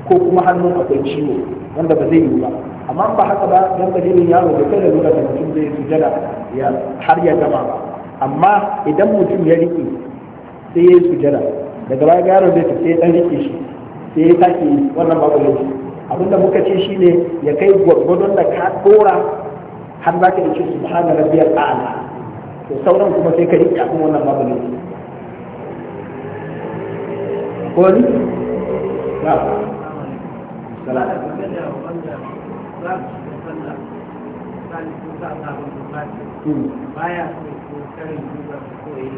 ko kuma hannun akwai ciwo wanda ba zai yi ba amma ba haka ba dan bajirin yaro da kai lalurar da mutum zai sujada ya har ya gama ba amma idan mutum ya riƙe sai ya yi sujada daga baya yaro zai ta sai ya ɗan riƙe shi sai ya take wannan babu laifi abinda muka ce shine ya kai gwargwadon da ka dora har za ka yi ce subhana rabbiyal a'la to sauran kuma sai ka riƙe akan wannan maganin ko ni ba salata hmm. baya so ko karin duba ko yi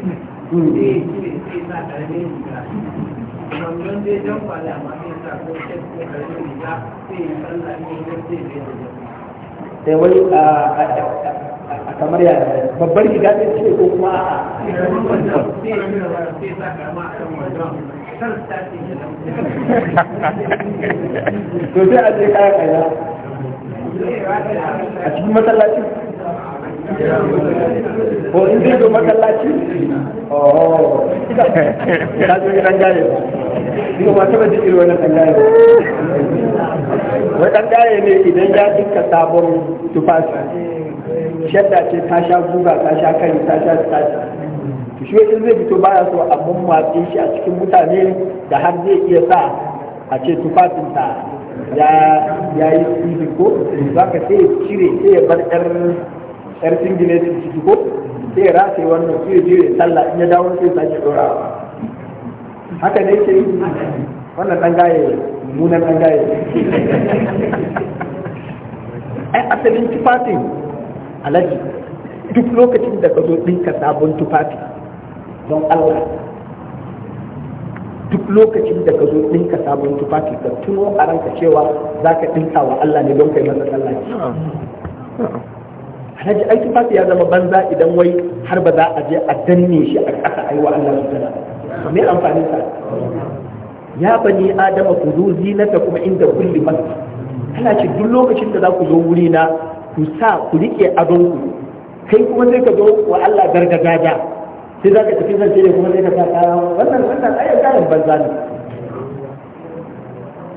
hmm. eh shi ne sai sa wannan dai jan kwale amma sai sa ko shek ko karfi sai ya sallah ne idan zai bai da sai wai a kamar ya babbar gida ta ce ko kuma a sai sa karama a kan wannan to sai a je kayan kaina a cikin masallaci ko in zai zo masallaci oh <laughs> ka zo irin wannan wai dan ne idan ya dinka sabon tufafi shadda ce ta sha guga ta sha kai ta sha tashi to shi wai zai fito baya so a mummatse shi a cikin mutane da har zai iya sa a ce tufafin ta ya yi tsibin ko za ka sai ya cire sai ya bar ƙarfin gine su ciki ko sai race wannan sai je ya sallah in ya dawo sai sake dorawa haka ne yake wannan dan gaye mummunan dan gaye ai asalin tufafin alaji duk lokacin da ka zo ɗinka sabon tufafi don Allah duk lokacin da ka zo ɗinka sabon tufafi ka tuno a ranka cewa za ka ɗinka wa Allah ne don kai masa sallah alhaji aiki fasi ya zama banza idan wai har ba za a je a danne shi a ƙasa a yi wa Allah sujada me amfanin sa ya bani adama ku zo zinata kuma inda kulli masjid Kana ce duk lokacin da za ku zo wuri na ku sa ku rike adon ku kai kuma sai ka zo wa Allah da, sai za ka tafi zan ne kuma sai ka sa kaya wannan wannan ya garin banza ne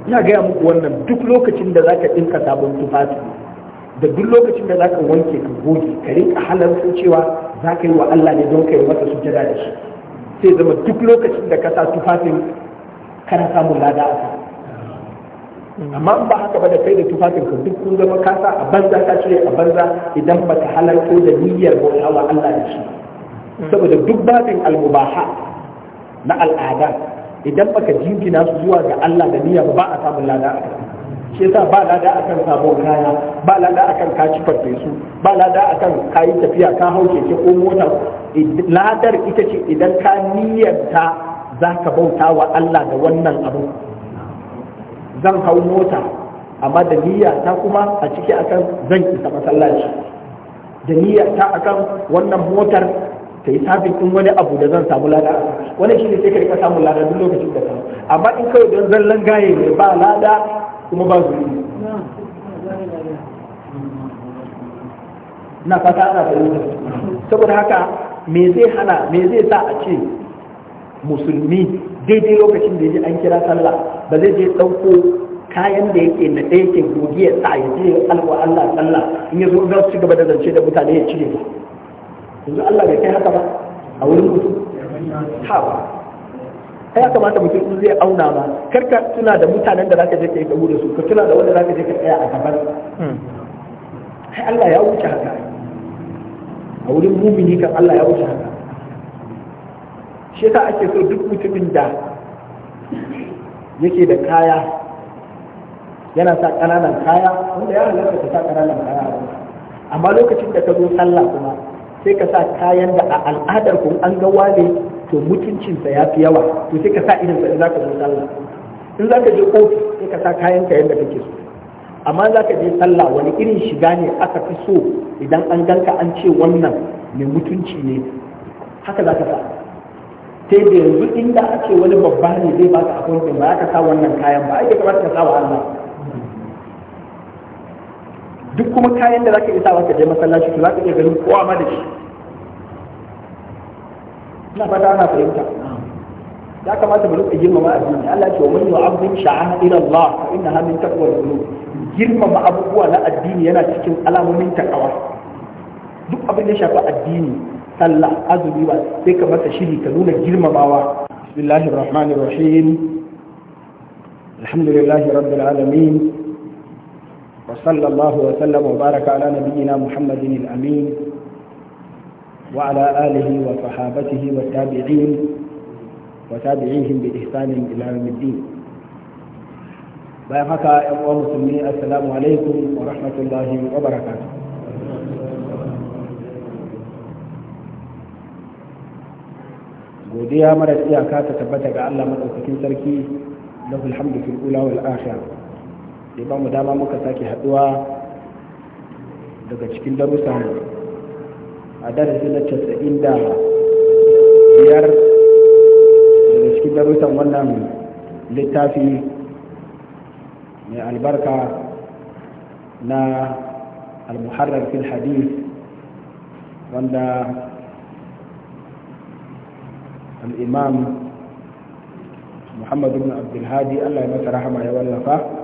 ina gaya muku wannan duk lokacin da za ka ɗinka sabon tufafi da duk lokacin da zaka wanke ka goge ka rinka halarta cewa za ka yi wa Allah ne don ka yi masa sujada da shi sai zama duk lokacin da ka sa tufafin kana samun lada a amma ba haka ba da kai da tufafin ka duk kun zama ka sa a banza ka cire a banza idan ba ka halarto da niyyar bauta wa Allah da shi saboda duk babin almubaha na al'ada idan baka jingina su zuwa ga Allah da niyya ba a samun lada a kai shi yasa ba lada akan sabon kaya ba lada akan ka ci farfesu ba lada akan ka yi tafiya ka hau keke ko mota ladar ita ce idan ka niyyarta za ka bauta wa Allah da wannan abu zan hau mota amma da niyya ta kuma a ciki akan zan isa masallaci da niyya ta akan wannan motar ta yi sabin in wani abu da zan samu lada wani shi ne sai ka rika samun lada duk lokacin da ka amma in kawai don zallan gaye ne ba lada kuma ba yi na fata ana fahimta saboda haka me zai hana me zai sa a ce musulmi daidai lokacin da ya an kira sallah ba zai je ɗauko kayan da yake na ɗaya ke gogi ya sa ya je alwa Allah sallah in ya zo za su gaba da zance da mutane ya cire ba yanzu Allah bai kai haka ba a wurin mutum ha ba ai ya kamata mutum in zai auna ba kar ka tuna da mutanen da zaka je ka yi kabu da su ka tuna da wanda zaka je ka tsaya a gaban hmm. ai Allah ya wuce haka a wurin mumini kan Allah ya wuce haka shi yasa ake so duk mutumin da yake da kaya yana sa kananan kaya wanda ya halatta ka sa kananan kaya amma lokacin da ka zo sallah kuma sai ka sa kayan da a al'adar ku an ga wane to mutuncinsa ya fi yawa to sai ka sa irin sai za zaka zo sallah in zaka je ofis sai ka sa kayan ka yanda kake so amma za ka je sallah wani irin shiga ne aka fi so idan an ganka an ce wannan mai mutunci ne haka za ka sa sai da yanzu inda a ce wani babba ne zai baka akwai ba ka sa wannan kayan ba ake kamar ka sa wa Allah duk kuma kayan da zaka isa ka je masallaci to zaka iya ganin kowa ma da shi ina fata ana fahimta ya kamata mu rika girmama addini Allah ce wa man yu'azzim sha'a'ir Allah fa innaha min taqwal qulub girmama abubuwa na addini yana cikin alamomin takawa duk abin da ya shafi addini sallah azumi ba sai ka masa shiri ka nuna girmamawa bismillahir rahmanir rahim alhamdulillahi rabbil alamin وصلى الله وسلم وبارك على نبينا محمد الأمين وعلى آله وصحابته والتابعين وتابعيهم بإحسان إلى يوم الدين بايا حكا يقوم سمي السلام عليكم ورحمة الله وبركاته godiya mara iyaka ta tabbata ga Allah madaukakin sarki lahu alhamdu fil ya ba mu dama muka sake haduwa daga cikin darussan a darasi na casa'in da biyar daga cikin darussan wannan littafi mai albarka na al-muharrar fil hadith wanda al-imam muhammad ibn abdulhadi allah ya masa rahama ya wallafa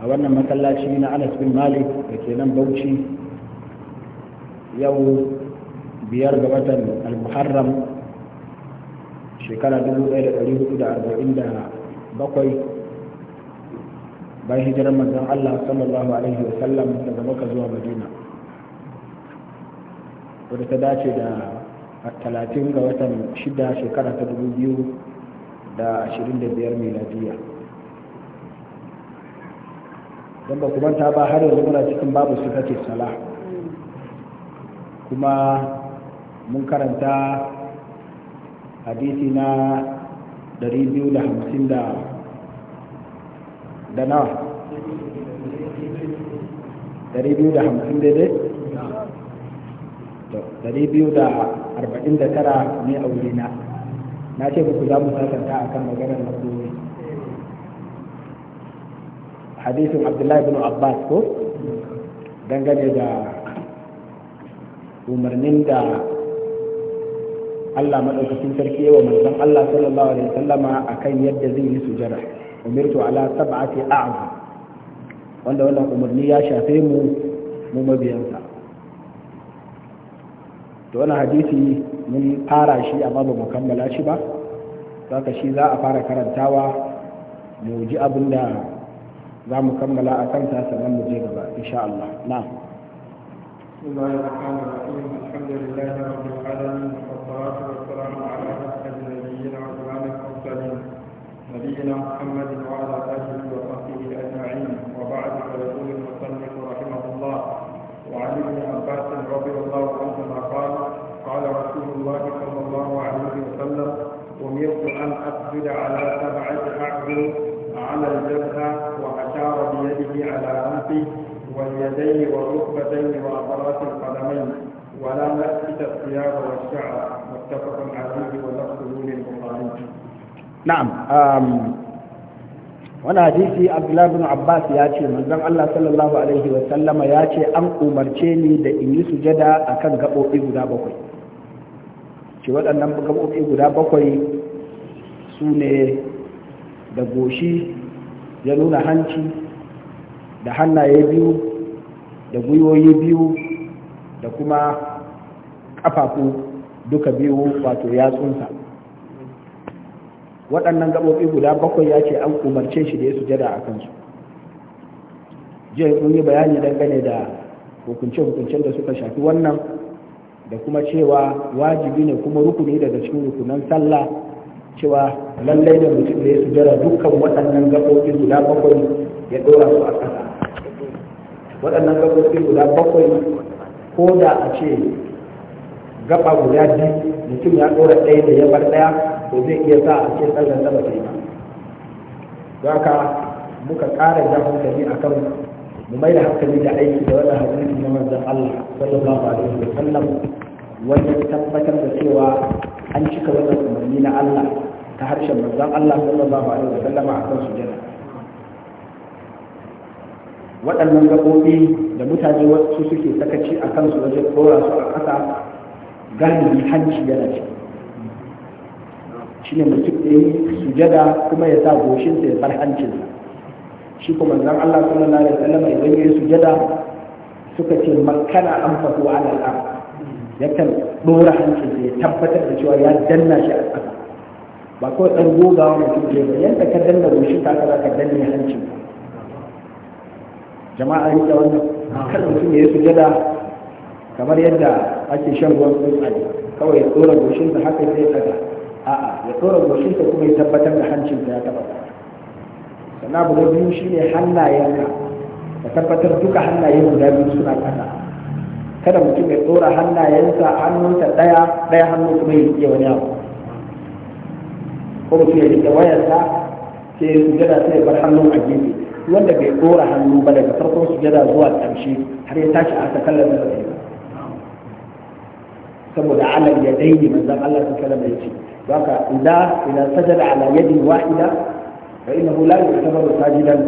a wannan masallaci na anas bin malik da ke nan bauchi yau biyar ga watan al-muharram shekara 1447 bayan hijirar manzon Allah sallallahu alaihi wa sallam daga Makka zuwa Madina wadda ta dace da talatin ga watan shida shekara ta dubu biyu da ashirin da biyar don ba kuma ta ba har yanzu muna cikin babu su kake sala kuma mun karanta hadisi na 250 da da nawa 250 daidai 249 ne aure na na ce ku za mu sakanta a kan maganar makoyi hadisin abdullahi bin abbas ko dangane da umarnin da Allah madaukakin sarki yawa manzon Allah sallallahu alaihi a akan yadda zai yi sujada umirtu ala sab'ati a'zu wanda wannan umarni ya shafe mu mu mabiyansa to wannan hadisi mun fara shi amma ba mu kammala shi ba saka shi za a fara karantawa mu ji abin da za mu kammala a kanta sannan mu je gaba insha Allah na بسم الله الرحمن الرحيم الحمد لله رب العالمين والصلاة والسلام على ولا نسكت الثياب والشعر متفق عليه ولفظه للبخاري نعم wani hadisi abdullahi bin abbas ya ce manzon allah sallallahu alaihi wa sallama ya ce an umarce ni da in yi sujada kan gaɓoɓi guda bakwai ce waɗannan gaɓoɓi guda bakwai su ne da goshi ya nuna hanci da hannaye biyu da gwiwoyi biyu da kuma kafafu duka biyu wato yatsunsa waɗannan gaɓoɓi guda bakwai ya ce an umarce shi da ya sujada a kansu jiya mun yi bayani dangane da hukunce-hukuncen da suka shafi wannan da kuma cewa wajibi ne kuma rukuni daga cikin rukunan sallah cewa lallai da mutum da ya sujada dukkan waɗannan gaɓoɓi guda bakwai ya ɗora su a ƙasa waɗannan gaɓoɓi guda bakwai ko da a ce gaba guda biyu mutum ya ɗora ɗaya da ya bar ɗaya to zai iya sa a ce sallar sama ta yi ba don haka muka ƙara da hankali a kan mu mai da hankali da aiki da wannan hadisi na manzon Allah sallallahu alaihi wa sallam wanda ya tabbatar da cewa an cika wannan umarni na Allah ta harshen manzon Allah sallallahu alaihi wa sallama akan sujada waɗannan gaɓoɓi da mutane wasu suke sakaci a kansu wajen ɗora su a ƙasa galibi hanci yana shi ne mutum da yi jada kuma ya sa goshinsa ya far hancinsa shi kuma zan Allah sallallahu alaihi wasallam idan ya yi jada? suka ce makana an fahu ala al yakan dora hancinsa ya tabbatar da cewa ya danna shi a ƙasa ba kawai ɗan gogawa mutum ne ba yadda ka danna goshin ka ka danne hancin jama'a yi da wannan kan mutum ya yi sujada kamar yadda ake shan ruwan tsuntsaye kawai ya tsora goshinsa haka sai a a'a ya tsora goshinsa kuma ya tabbatar da hancinsa ya taba sannan abu na biyu ne hannayenka ka tabbatar duka hannayen guda biyu suna kasa kada mutum ya tsora hannayensa hannunsa daya daya hannun kuma ya iya wani abu ko mutum ya rike wayarsa sai ya sujada sai ya bar hannun a gefe wanda bai dora hannu ba daga farkon sujada zuwa ƙarshe har ya tashi a takallar da zai saboda alal ya daini manzon Allah ta kallama ya ce haka idan idan sajada ala yadi wahida fa innahu la yu'tabaru sajidan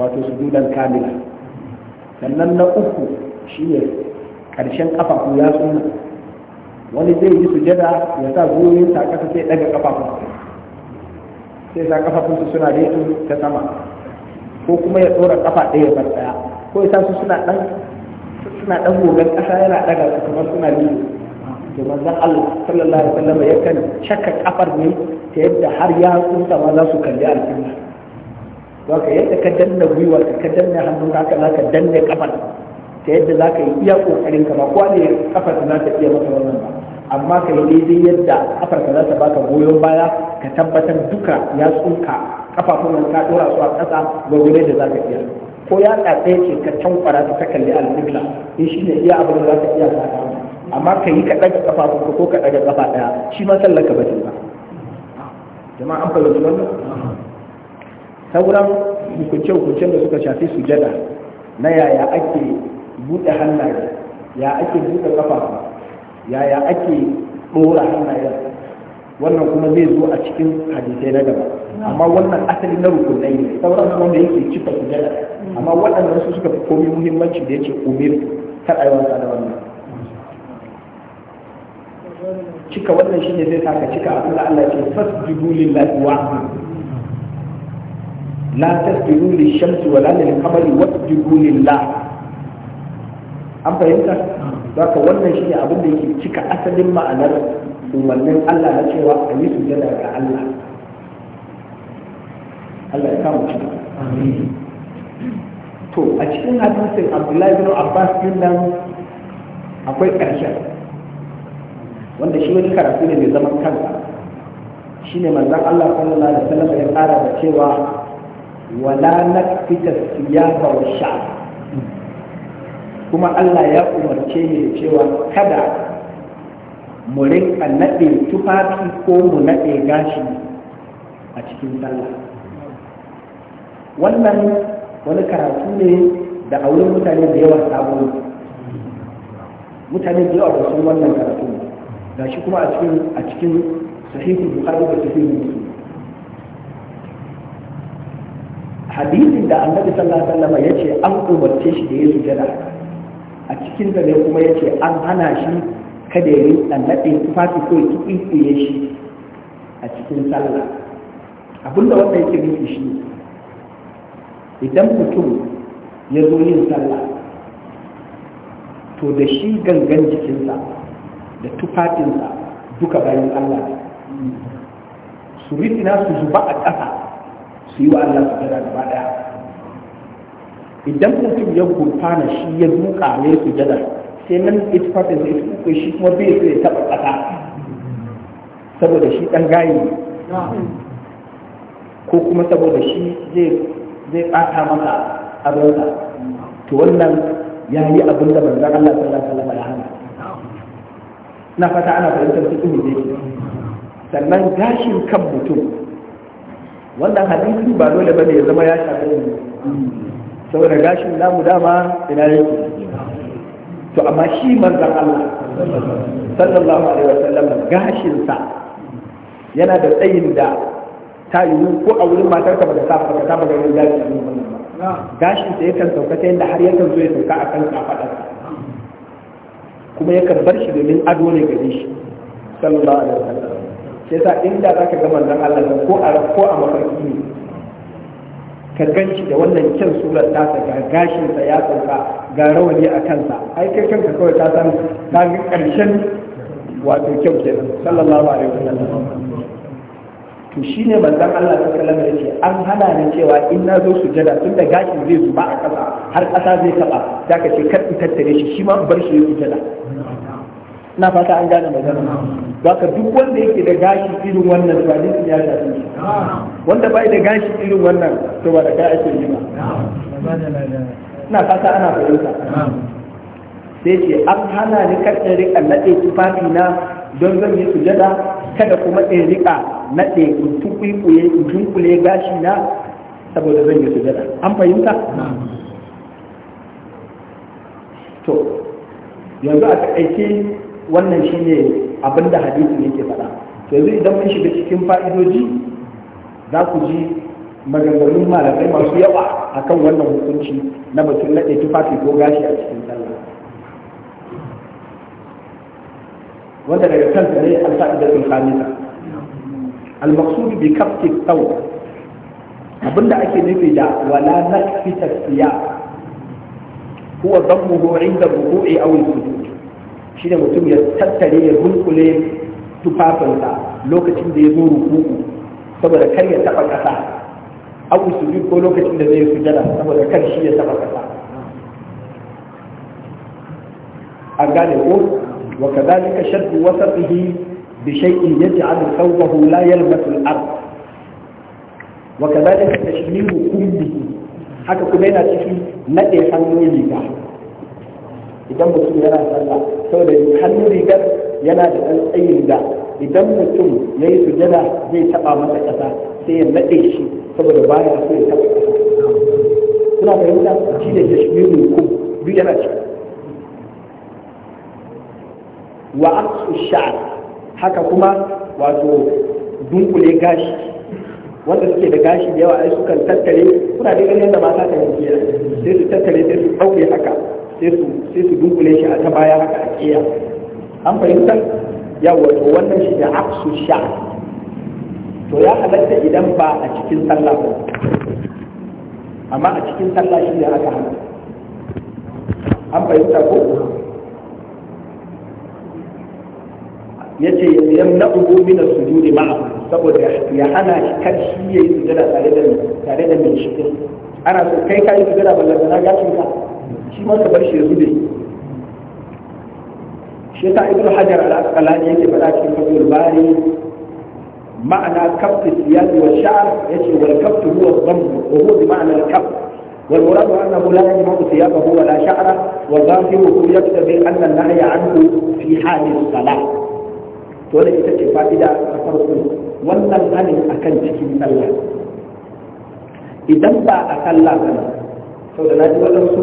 wato sujudan kamila sannan na uku shine karshen kafafu ya sunna wani zai yi sujada ya sa goyon sa kasa sai daga kafafun sai sa kafafun su suna daidai ta sama ko kuma ya tsora kafa ɗaya bar ɗaya ko ya su suna ɗan suna ɗan gogon ƙasa yana ɗaga su kamar suna biyu da manzon Allah sallallahu alaihi wasallam yakan shakka kafar ne ta yadda har ya tsunta ma za su kalli alƙibla don ka yadda ka danna gwiwa ka danna hannun haka za ka danna kafar ta yadda za ka yi iya kokarin ka ba kowa ne kafar za ta iya maka wannan ba amma ka yi daidai yadda kafar ka za ta baka goyon baya ka tabbatar duka ya tsuka kafafun ka dora su a ƙasa gure da za ka iya ko ya tsatsa ce ka tankwara ta ta kalli alƙibla in shi ne iya abin da za ka iya ta amma ka yi ka ɗaga kafafun ka ko ka ɗaga kafa ɗaya shi ma sallar ka ba ba jama'a an fahimci wannan sauran hukunce-hukuncen da suka shafi sujada na yaya ake buɗe hannaye ya ake buɗe kafafu yaya ake ɗora hannayen wannan kuma zai zo a cikin hadisai na gaba amma wannan asali na rukunai ne sauran kuma da yake cika su da, amma waɗannan su suka fi komai muhimmanci da yake umir kar a yi wasa da wannan cika wannan shi ne zai saka cika a kula Allah ce fasjudu lillahi wa la tasjudu lishamsi wala lilqamari lil wasjudu lillah an fahimta zaka wannan shi ne abin da yake cika asalin ma'anar umarnin Allah na cewa a yi sujada ga Allah Allah ya kama Amin. to a cikin hadisin Abdullahi bin Abbas din nan akwai ƙarshen wanda shi wani karatu ne mai zaman kansa shine mazan Allah sallallahu alaihi wasallam ya tsara da cewa wala nakfita siyaba wa sha'a kuma Allah ya umarce ne cewa kada mu rinka naɗe tufafi ko mu naɗe gashi a cikin sallah wannan wani karatu ne da a wurin mutane da yawa sabon mutane da yawa sun wannan karatu ga shi kuma a cikin sahihul bukhari da sahihul muslim hadisin da annabi sallallahu alaihi wasallam yace an umarce shi da ya jada a cikin da ne kuma yace an hana shi kada ya yi tsallaɗe tufafi ko ya kiɗi shi a cikin sallah abinda wanda yake nufi shi idan mutum ya zo yin sallah to da shi gangan jikinsa da tufafinsa duka bayan Allah su ritina su zuba a ƙasa su yi wa Allah su gada gaba ɗaya idan mutum ya gurfana shi ya duka su gada. sai nan ita fata zai tuko shi kuma bai so ya taɓa ƙasa saboda shi ɗan gayi ko kuma saboda shi zai ɓata masa abinsa to wannan ya yi abin da manzan Allah sallallahu alaihi wasallam ya hannu na fata ana fahimtar su zai sannan gashin kan mutum wannan hadisi ba dole bane ya zama ya shafi saboda gashin namu dama ina yake to amma shi manzan Allah sallallahu alaihi wasallam gashinsa yana da tsayin da ta yiwu ko a wurin matar ka ba da safa ka saba ganin gashi a wurin ba gashin sa yakan sauka ta yadda har yakan zo ya sauka a kan kafadar kuma yakan bar shi domin ado ne gare shi sallallahu alaihi wasallam sai sa inda zaka ga manzan Allah ko a ko a mafarki ne ka ganci da wannan kyan surar tasa ga gashinsa ya sauka ga rawani a kansa ai kai kanka kawai ta san ta ga karshen wato kyau kenan sallallahu alaihi wasallam to shine manzon Allah sallallahu alaihi wasallam an hana ni cewa in na zo sujada tun da gashin zai zuba a kasa har kasa zai taba zaka ce kar in tattare shi shi ma bar shi sujada na fata an gane magana ka duk wanda yake da gashi irin wannan ba ne ya shi? wanda bai da gashi irin wannan to ba da kai ake yi ba na fata ana fahimta sai ce an hana ni kar riƙa na nade tufafi na don zan yi sujada kada kuma in riƙa na in tukuikuye in gashi na saboda zan yi sujada an fahimta to yanzu a aiki. wannan shine abin da hadisin yake faɗa to yanzu idan mun shiga cikin fa'idoji za ku ji maganganun malamai masu yawa a kan wannan hukunci na batun ɗaya tufafi ko gashi a cikin sallah wanda daga kansa ne sa faidatul khamisa al-maqsud bi kaffi thawb abinda ake nufi da wala na nakfi tasfiya huwa da inda a wani sujud shi da mutum ya tattare ya hulkule tufafinsa lokacin da ya zo rukuku saboda kar ya taɓa ƙasa abu su ko lokacin da zai sujada saboda kar shi ya taɓa ƙasa an gane ko wa kadhalika shaddu wasatihi bi shay'in yaj'al thawbahu la yalmasu al-ard wa kadhalika tashmiru kullihi haka kuma yana cikin nade hannun riga idan mutum yana sallah saboda hannun rigar yana da ɗan tsayin da idan mutum ya yi sujada zai taɓa masa ƙasa sai ya naɗe shi saboda baya so ya taɓa ƙasa kuna fahimta shi ne tashmirin ku duk yana ci wa aksu sha'ar haka kuma wato dunkule gashi wanda suke da gashi da yawa ai sukan tattare kuna da ganin da mata ta yi sai su tattare sai su ɗauke haka sai su dunkule shi a ta baya haka a ƙiya an fahimtar ya wato wannan shi da aksu sha to ya halatta idan ba a cikin sallah ba amma a cikin sallah shi da aka hannu an fahimta ko ya ce na ugu mina su sujudi ma saboda ya hana shi kan shi yayi sujada tare da tare da mai shi ana so kai kai sujada da na gashi ka shi ma ka bar shi ya zube shi ta ibnu hajar al-asqalani yake faɗa cikin fatul bari ma'ana kaftu siyasi wa sha'r yace wal kaftu huwa dhamm wa huwa bi ma'na al-kaft والمراد انه لا يجمع ثيابه ولا شعره وظاهره يقتضي ان النهي عنه في حال الصلاه. تولى تتكي فائده تفرقون ولا الغني اكن تكي sallah. idan ba a sallah ba ne sau da na ji waɗansu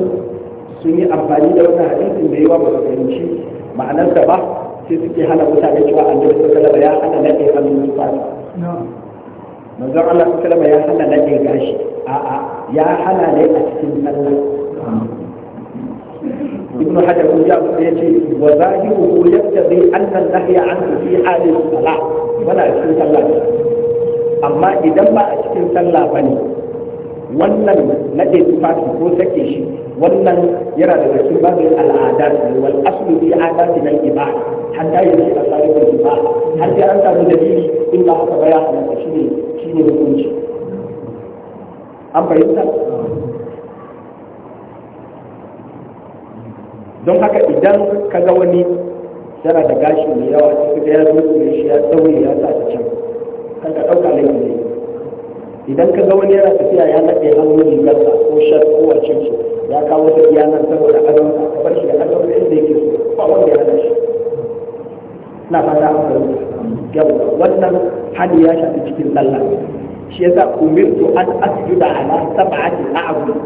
sun yi amfani da wannan hadisin da yawa ba su fahimci ma'anarsa ba sai suke hana mutane cewa annabi sallallahu ba ya hana nade hannun fata manzon Allah sallallahu ya hana nade gashi a'a ya hana ne a cikin sallah ibn hajar kun ji abin da yace wa ya yattabi anna an an anhu fi halin salah wala cikin sallah amma idan ba a cikin sallah ba ne. wannan nade tufafi ko sake shi wannan yana daga cikin babin al'adat ne wal aslu fi adati nan iba hatta yanzu a sarifin iba har sai an samu dalili in ba haka ba ya halatta shine shine hukunci an fahimta don haka idan ka ga wani yana da gashi mai yawa cikin da ya zo shi ya tsauri ya sa ta can kan ka ɗauka laifi ne idan ka ga wani yana tafiya ya naɗe hannun rigarsa ko shar ko a su ya kawo ta iya nan saboda adon ka bar shi da adon da inda yake so ba wanda ya hana shi na fata a kan yau wannan hali ya shafi cikin sallah shi yasa umirtu an asjuda ala sab'ati a'bud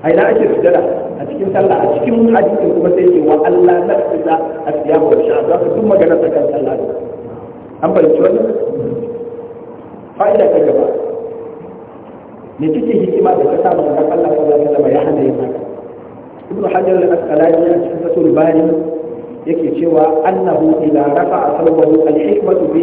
a ina ake sujada a cikin sallah a cikin hadisin kuma sai ce wa Allah a asiyamu wa sha'a za ka duk maganar kan sallah an fahimci fa'ida ta gaba me kike hikima da ta samu da Allah sallallahu alaihi wasallam ya hana yin haka ibnu hajar al-asqalani a cikin fatul bari yake cewa annahu ila rafa'a sallahu al-hikmatu bi